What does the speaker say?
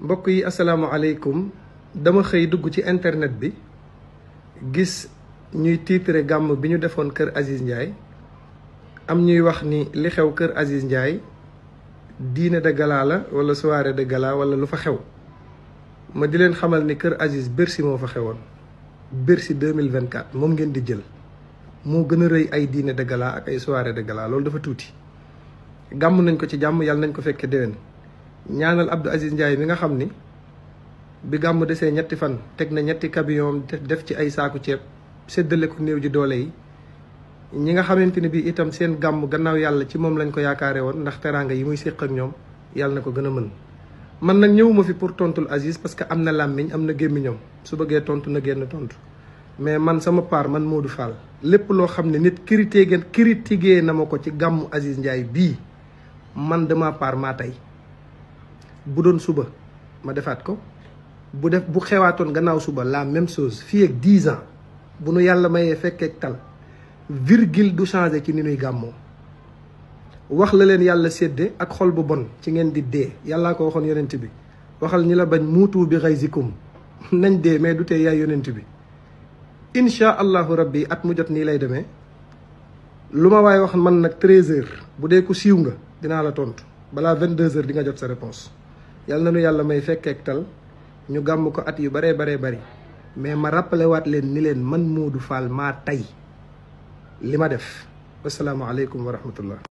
mbokk yi asalaamaaleykum dama xëy dugg ci internet bi gis ñuy titre gàmm bi ñu defoon kër Aziz Ndiaye am ñuy wax ni li xew kër Aziz Ndiaye diine de gala la wala soirée de gala wala lu fa xew ma di leen xamal ni kër Aziz Bercy moo fa xewoon Bercy 2024 moom ngeen di jël moo gën a rëy ay dîner de gala ak ay soirée de gala loolu dafa tuuti gàmm nañ ko ci jàmm yàlla nañ ko fekkee déwén. ñaanal Abdou Aziz Ndiaye mi nga xam ni bi gàmm desee ñetti fan teg na ñetti camion def ci ay saaku ceeb séddale ko néew ji doole yi ñi nga xamante ni bii itam seen gàmm gannaaw yàlla ci moom lañ ko yaakaare woon ndax teraanga yi muy séq ak ñoom yàlla na ko gën a mën man nag ñëwuma fi pour tontul Aziz parce que am na làmmiñ am na gémmiñam su bëggee tontu na génn tontu mais man sama part man moo Modou Fall lépp loo xam ne nit critiqué critiqué na ma ko ci gàmmu Aziz Ndiaye bii man dama part tey budon suba ma defat ko bu def bu xewaton gannaaw suba la même chose fi ak 10 ans bu nu yàlla maye fekke tal virgule du changer ci ni nuy gàmmoo wax la len yàlla sédde ak xol bu bon ci ngeen di de yalla ko waxon yonent bi waxal ñila bañ mutu bi ghaizikum nañ de mais du tee yaay yonent bi insha allah rabbi at mu jot ni lay demé luma way wax man nak 13h budé ko siw nga dina la tontu bala 22h di nga jot sa réponse yàlla na nu yàlla may fekkeek tal ñu gàmm ko at yu baree baree bari mais ma rappelé leen ni leen man Modou Fall maa tey li ma def asalaamaaleykum wa rahmatullah